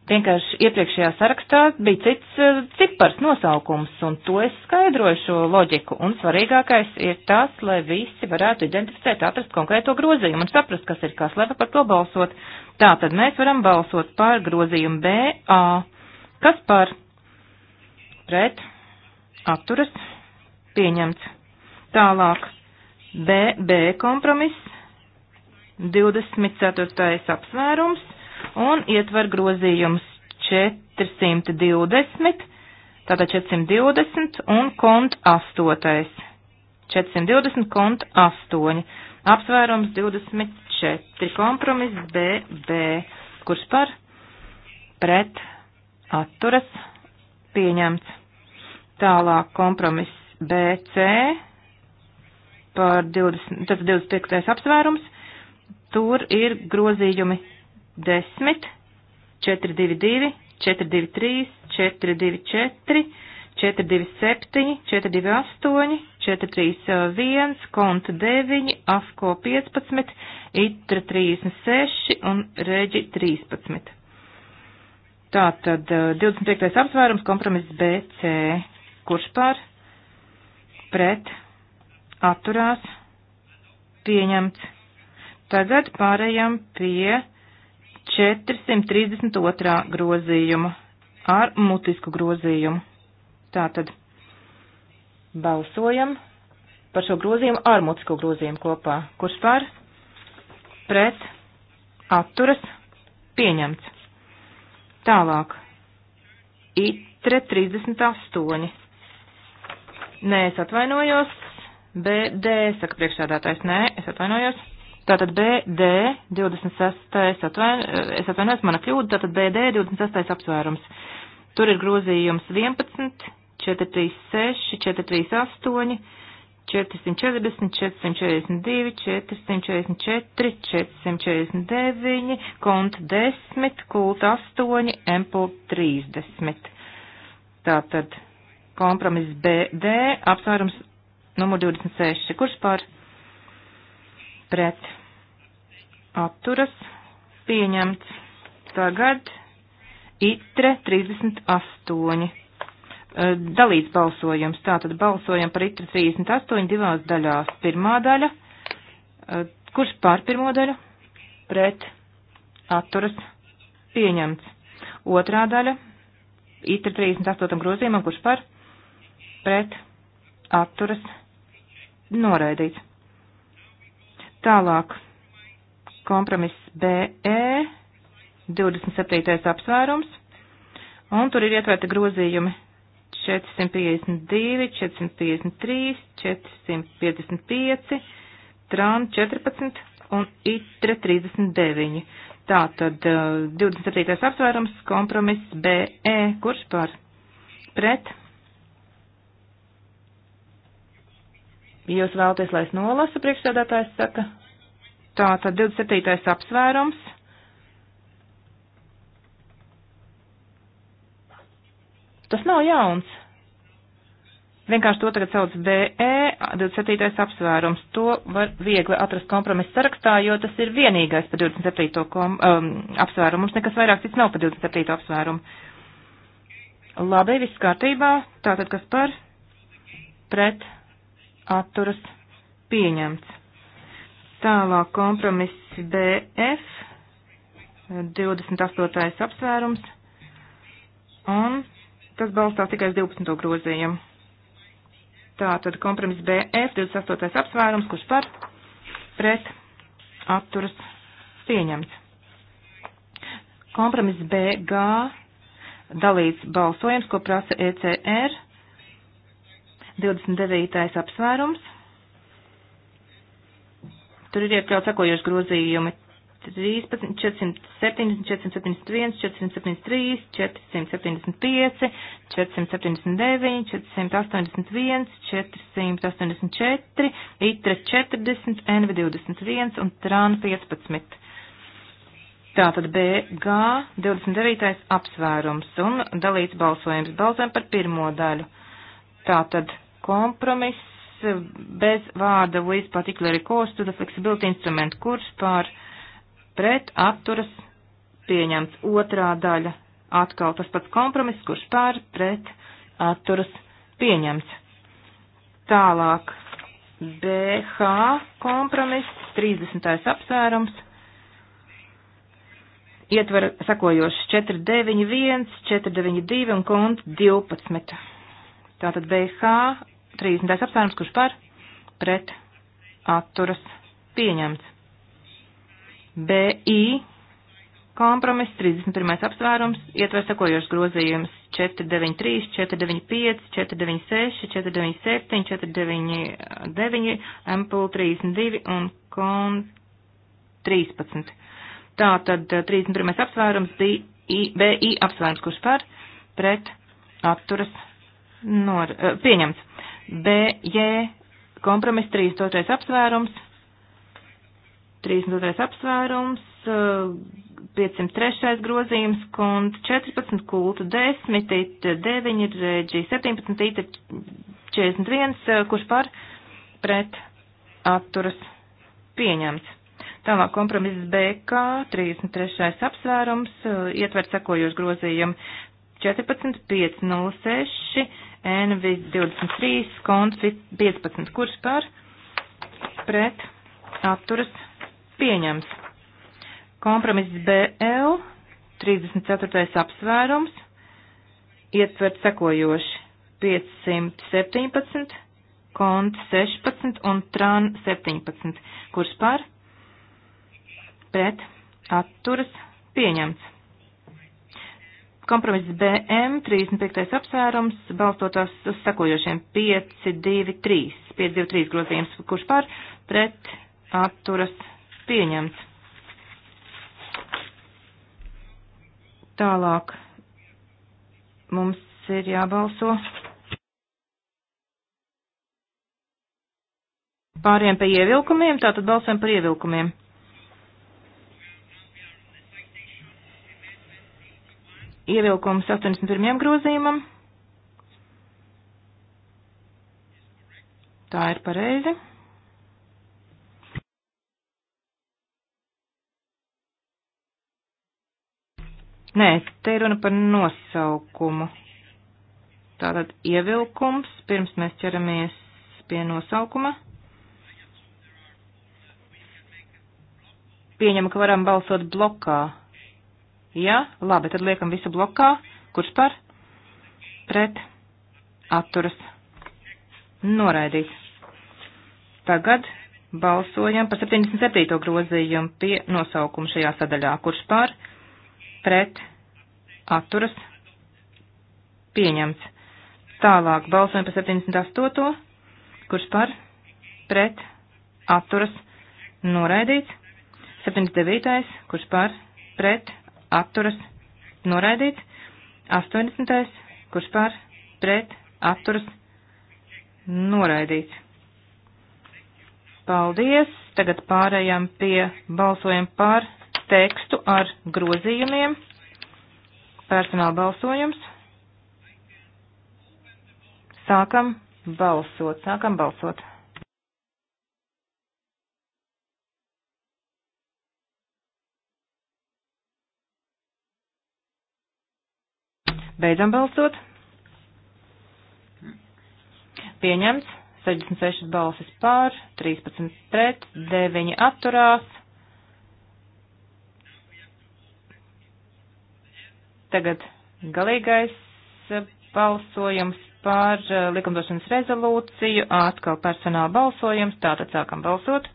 Speaker 1: vienkārši iepriekšējā sarakstā bija cits eh, cipars nosaukums, un to es skaidroju šo loģiku. Un svarīgākais ir tas, lai visi varētu identificēt, atrast konkrēto grozījumu un saprast, kas ir kas, lai par to balsot. Tā tad mēs varam balsot par grozījumu BA. Kas par? Pret. Atturas. Pieņemts. Tālāk. BB kompromiss. 24. apsvērums un ietver grozījums 420, tātad 420 un kont 8. 420 kont 8. Apsvērums 24. Kompromiss BB. Kurš par? Pret. Atturas. Pieņemts. Tālāk kompromiss BC par 20, 25. apsvērums. Tur ir grozījumi 10, 422, 423, 424, 427, 428, 431, konta 9, AFCO 15, ITRA 36 un REģi 13. Tātad 25. apsvērums kompromiss BC. Kurš pār? Pret. Atturās. Pieņemts. Tagad pārējām pie 432. grozījuma ar mutisku grozījumu. Tātad balsojam par šo grozījumu ar mutisko grozījumu kopā. Kurš par? Pret? Atturas? Pieņemts. Tālāk. Itre 38. Nē, es atvainojos. BD, saka priekšsādātājs, nē, es atvainojos. Tātad BD 26. Atvain, es atvainojos, mana kļūda, tātad BD 26. apsvērums. Tur ir grozījums 11, 436, 438, 440, 442, 444, 449, kont 10, kult 8, empul 30. Tātad kompromiss BD apsvērums numur 26. Kurš pār? pret atturas pieņemts. Tagad itre 38. Dalīts balsojums. Tātad balsojam par itre 38 divās daļās. Pirmā daļa. Kurš pār pirmo daļu? Pret atturas pieņemts. Otrā daļa. Itre 38 grozījumam. Kurš par? Pret atturas noraidīts. Tālāk kompromiss BE, 27. apsvērums, un tur ir ietverti grozījumi 452, 453, 455, TRAN 14 un ITRE 39. Tātad 27. Eh, apsvērums, kompromiss BE, kurš par pret Jūs vēlaties, lai es nolasu, priekšsēdētājs saka. Tā tad 27. apsvērums. Tas nav jauns. Vienkārši to tagad sauc BE 27. apsvērums. To var viegli atrast kompromisu sarakstā, jo tas ir vienīgais par 27. Kom, um, apsvērumu. Mums nekas vairāk cits nav par 27. apsvērumu. Labi, viss kārtībā. Tātad kas par? Pret atturas pieņemts. Tālāk kompromiss BF, 28. apsvērums, un tas balstās tikai uz 12. grozījumu. Tātad kompromiss BF, 28. apsvērums, kurš par pret atturas pieņemts. Kompromiss BG, dalīts balsojums, ko prasa ECR 29. apsvērums. Tur ir iekļauts sakojoši grozījumi 13, 470, 471, 473, 475, 479, 481, 484, ITRE 40, NV21 un TRAN 15. Tātad BG 29. apsvērums un dalīts balsojums balsēm par pirmo daļu. Tātad kompromiss bez vārda with particular recourse to the flexibility instrument, kurš pār pret apturas pieņemts otrā daļa. Atkal tas pats kompromiss, kurš pār pret apturas pieņemts. Tālāk BH kompromiss, 30. apsvērums, ietver sakojošas 491, 492 un kont 12. Tātad BH 30. apsvērums, kurš par pret atturas pieņemts. BI kompromis 31. apsvērums ietver sekojošs grozījums 493, 495, 496, 497, 499, MPL 32 un KON 13. Tātad 31. Eh, apsvērums bija BI apsvērums, kurš par pret atturas nor, eh, pieņemts. BJ kompromiss 32. apsvērums, 32. apsvērums, 503. Eh, grozījums, kont 14, kultu 10, it 9, ir reģi 17, it 41, eh, kurš par pret atturas pieņemts. Tālāk kompromiss BK, 33. apsvērums, eh, ietver sekojuši grozījumi 14, 506, NV 23, kont 15, kurš par pret atturas pieņems. Kompromiss BL 34. apsvērums ietvert sekojoši 517, kont 16 un tran 17, kurš par pret atturas pieņemts. Kompromiss BM 35. apsvērums, balstotos uz sekojošiem 5, 2, 3, 5, 2, 3 grozījums, kurš par pret atturas pieņemts. Tālāk mums ir jābalso. Pāriem pie ievilkumiem, tātad balsojam par ievilkumiem. ievilkums 81. grozījumam.
Speaker 3: Tā ir pareizi.
Speaker 1: Nē, te ir runa par nosaukumu. Tātad ievilkums, pirms mēs ķeramies pie nosaukuma. Pieņem, ka varam balsot blokā. Jā, labi, tad liekam visu blokā. Kurš par? Pret. Atturas. Noraidīt. Tagad balsojam par 77. grozījumu pie nosaukuma šajā sadaļā. Kurš par? Pret. Atturas. Pieņemts. Tālāk balsojam par 78. Kurš par? Pret. Atturas. Noraidīts. 79. Kurš par? Pret atturas noraidīts, 80. kurš par pret atturas noraidīts. Paldies! Tagad pārējām pie balsojuma par tekstu ar grozījumiem. Personāla balsojums. Sākam
Speaker 3: balsot, sākam balsot. Beidzam balsot.
Speaker 1: Pieņemts 66 balsis pār, 13 pret, 9 atturās. Tagad galīgais eh, balsojums par eh, likumdošanas rezolūciju, atkal personāla balsojums, tātad sākam balsot.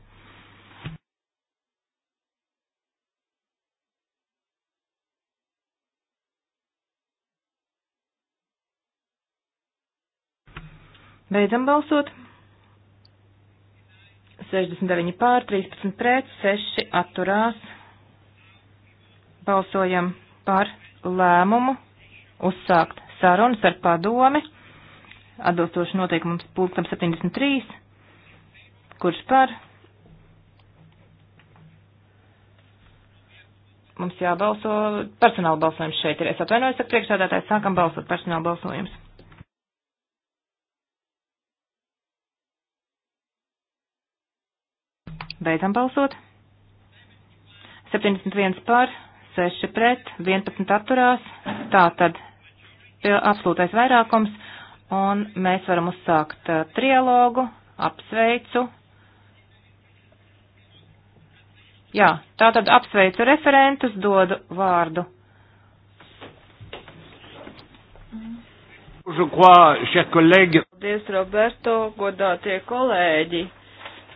Speaker 1: Beidzam balsot. 69 pār, 13 pret, 6 atturās. Balsojam par lēmumu uzsākt sarunas ar padomi, atbilstoši noteikumam punktam 73, kurš par mums jābalso personāla balsojums šeit ir. Es atvainojos, ka priekšsādātājs sākam balsot personāla balsojums. Beidzam balsot. 71 par, 6 pret, 11 atturās. Tā tad absolūtais vairākums. Un mēs varam uzsākt uh, trialogu. Apsveicu. Jā, tā tad apsveicu referentus, dodu vārdu.
Speaker 2: Je crois, chers collègues.
Speaker 3: Paldies, Roberto, godātie kolēģi.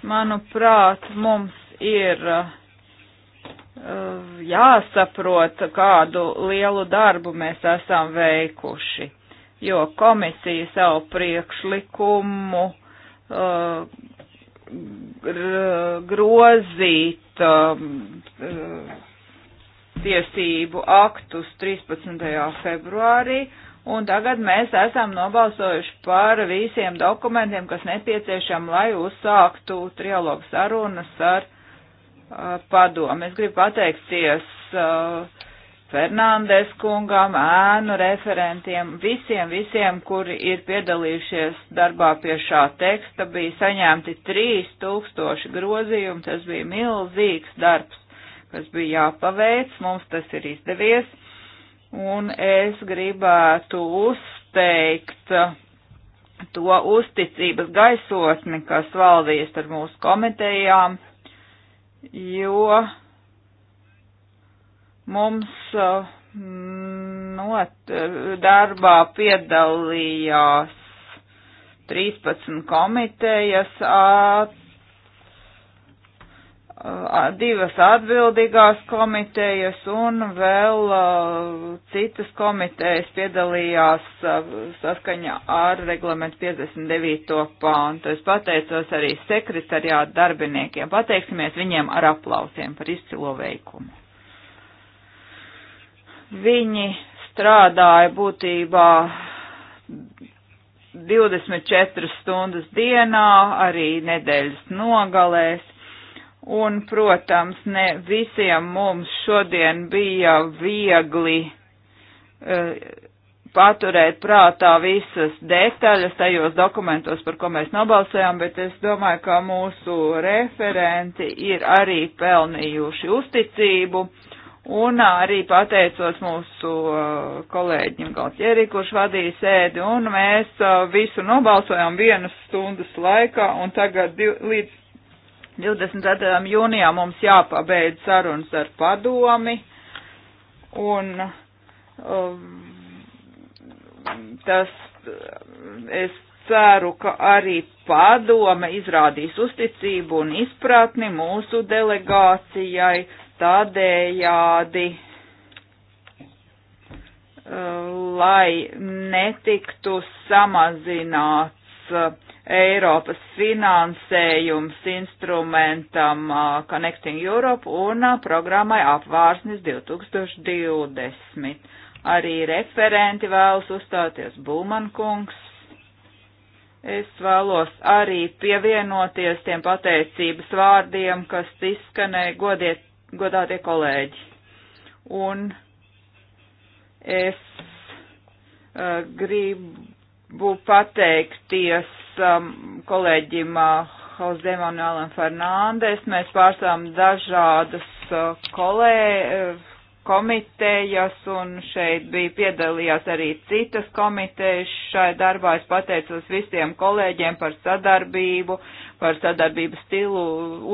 Speaker 3: Manuprāt, mums ir uh, jāsaprot, kādu lielu darbu mēs esam veikuši, jo komisija savu priekšlikumu uh, grozīt um, uh, tiesību aktus 13. februārī Un tagad mēs esam nobalsojuši par visiem dokumentiem, kas nepieciešam, lai uzsāktu trialogu sarunas ar uh, padomu. Es gribu pateikties uh, Fernandes kungam, ēnu referentiem, visiem, visiem, kuri ir piedalījušies darbā pie šā teksta. Bija saņemti 3000 grozījumi, tas bija milzīgs darbs, kas bija jāpaveic, mums tas ir izdevies un es gribētu uzteikt to uzticības gaisotni, kas valdīja starp mūsu komitejām, jo mums
Speaker 2: mm,
Speaker 3: not, darbā piedalījās 13 komitejas at divas atbildīgās komitejas un vēl uh, citas komitejas piedalījās uh, saskaņā ar reglamentu 59. pāntu. Es pateicos arī sekretariāta darbiniekiem. Pateiksimies viņiem ar aplausiem par izcilo veikumu. Viņi strādāja būtībā 24 stundas dienā, arī nedēļas nogalēs Un, protams, ne visiem mums šodien bija viegli uh, paturēt prātā visas detaļas tajos dokumentos, par ko mēs nobalsojām, bet es domāju, ka mūsu referenti ir arī pelnījuši uzticību. Un arī pateicos mūsu uh, kolēģim Galtjeri, kurš vadīja sēdi, un mēs uh, visu nobalsojām vienas stundas laikā, un tagad div, līdz 24. jūnijā mums jāpabeidz sarunas ar padomi, un um, tas es ceru, ka arī padome izrādīs uzticību un izpratni mūsu delegācijai tādējādi, uh, lai netiktu samazināts uh, Eiropas finansējums instrumentam uh, Connecting Europe un uh, programmai apvārsnes 2020. Arī referenti vēlas uzstāties Būmankungs. Es vēlos arī pievienoties tiem pateicības vārdiem, kas izskanēja godiet, godātie kolēģi. Un es uh, gribu pateikties um, kolēģim uh, Jose Manuelam Fernandes. Mēs pārstāvam dažādas uh, kolē, uh, komitejas un šeit bija piedalījās arī citas komitejas šai darbā. Es pateicos visiem kolēģiem par sadarbību, par sadarbības stilu,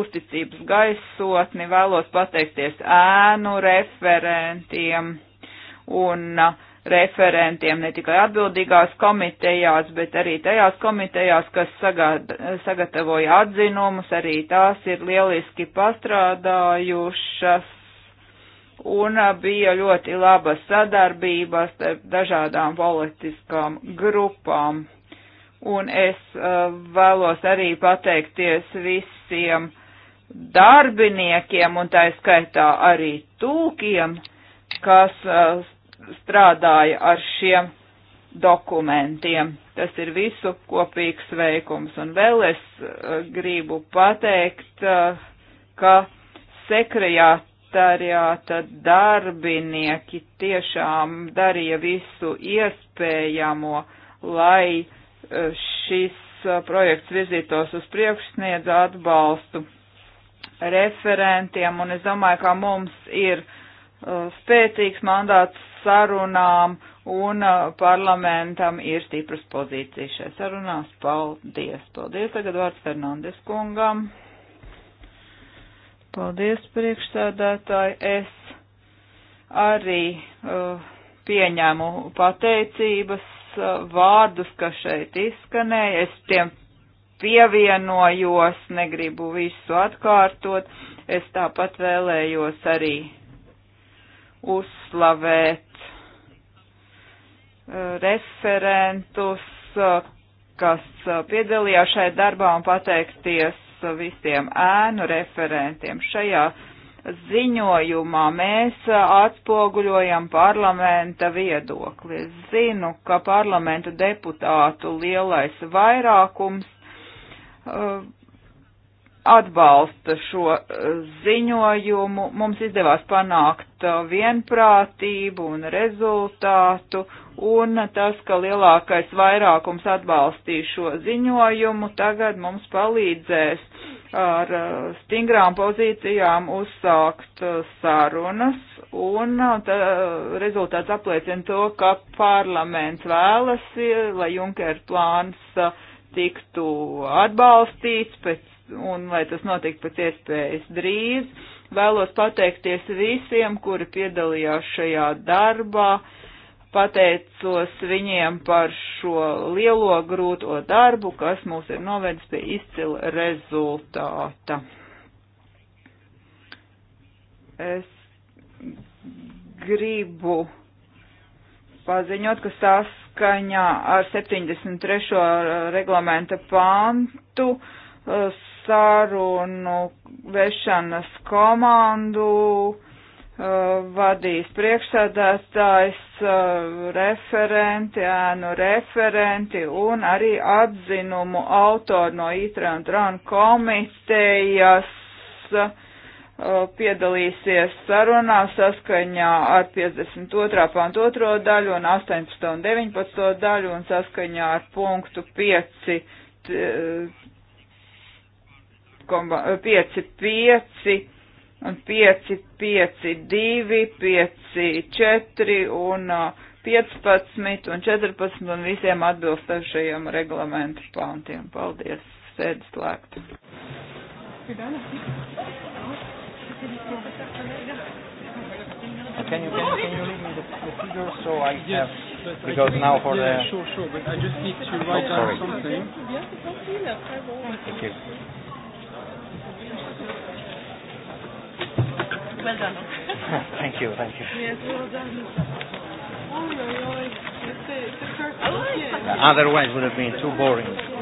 Speaker 3: uzticības gaisotni. Vēlos pateikties ēnu referentiem un uh, referentiem ne tikai atbildīgās komitejās, bet arī tajās komitejās, kas sagatavoja atzinumus, arī tās ir lieliski pastrādājušas un bija ļoti laba sadarbība starp dažādām politiskām grupām. Un es uh, vēlos arī pateikties visiem darbiniekiem un tā skaitā arī tūkiem, kas uh, strādāja ar šiem dokumentiem. Tas ir visu kopīgs veikums. Un vēl es eh, gribu pateikt, eh, ka sekretariāta darbinieki tiešām darīja visu iespējamo, lai eh, šis projekts virzītos uz priekšsniedz atbalstu referentiem, un es domāju, ka mums ir spēcīgs mandāts sarunām un uh, parlamentam ir stipras pozīcijas šajā sarunās. Paldies! Paldies! Tagad vārds Fernandes kungam. Paldies, priekšsēdētāji! Es arī uh, pieņēmu pateicības uh, vārdus, kas šeit izskanēja. Es tiem pievienojos, negribu visu atkārtot. Es tāpat vēlējos arī uzslavēt eh, referentus, eh, kas eh, piedalījās šai darbā un pateikties visiem ēnu referentiem. Šajā ziņojumā mēs atspoguļojam parlamenta viedokli. Es zinu, ka parlamenta deputātu lielais vairākums atbalsta šo eh, ziņojumu. Mums izdevās panākt eh, vienprātību un rezultātu, un tas, ka lielākais vairākums atbalstīja šo ziņojumu, tagad mums palīdzēs ar eh, stingrām pozīcijām uzsākt sarunas, un rezultāts apliecina to, ka parlaments vēlas, lai Junker plāns tiktu atbalstīts pēc un lai tas notiktu pēc iespējas drīz. Vēlos pateikties visiem, kuri piedalījās šajā darbā. Pateicos viņiem par šo lielo grūto darbu, kas mūs ir novedis pie izcila rezultāta. Es gribu paziņot, ka saskaņā ar 73. reglamenta pāntu uh, sarunu vešanas komandu uh, vadīs priekšsēdētājs, uh, referenti, ēnu referenti un arī atzinumu autori no ITRA un TRAN komitejas uh, piedalīsies sarunā saskaņā ar 52. pantu otro daļu un 18. un 19. daļu un saskaņā ar punktu 5 5, 5 un 5, 5, 2, 5, 4 un 15 un 14 un visiem atbilstošajiem reglamentu pāntiem. Paldies, sēdi slēgt.
Speaker 2: Can you, can, you, can you leave me the, the figure so I have, yes, have, because I now for yeah, the... Sure, sure, but I just need to write oh, down sorry. something. Thank you. Well done. <laughs> thank you, thank you. Yes, well done. Oh, no, no, it's, it's the, it's the first oh, Otherwise, it would have been too boring.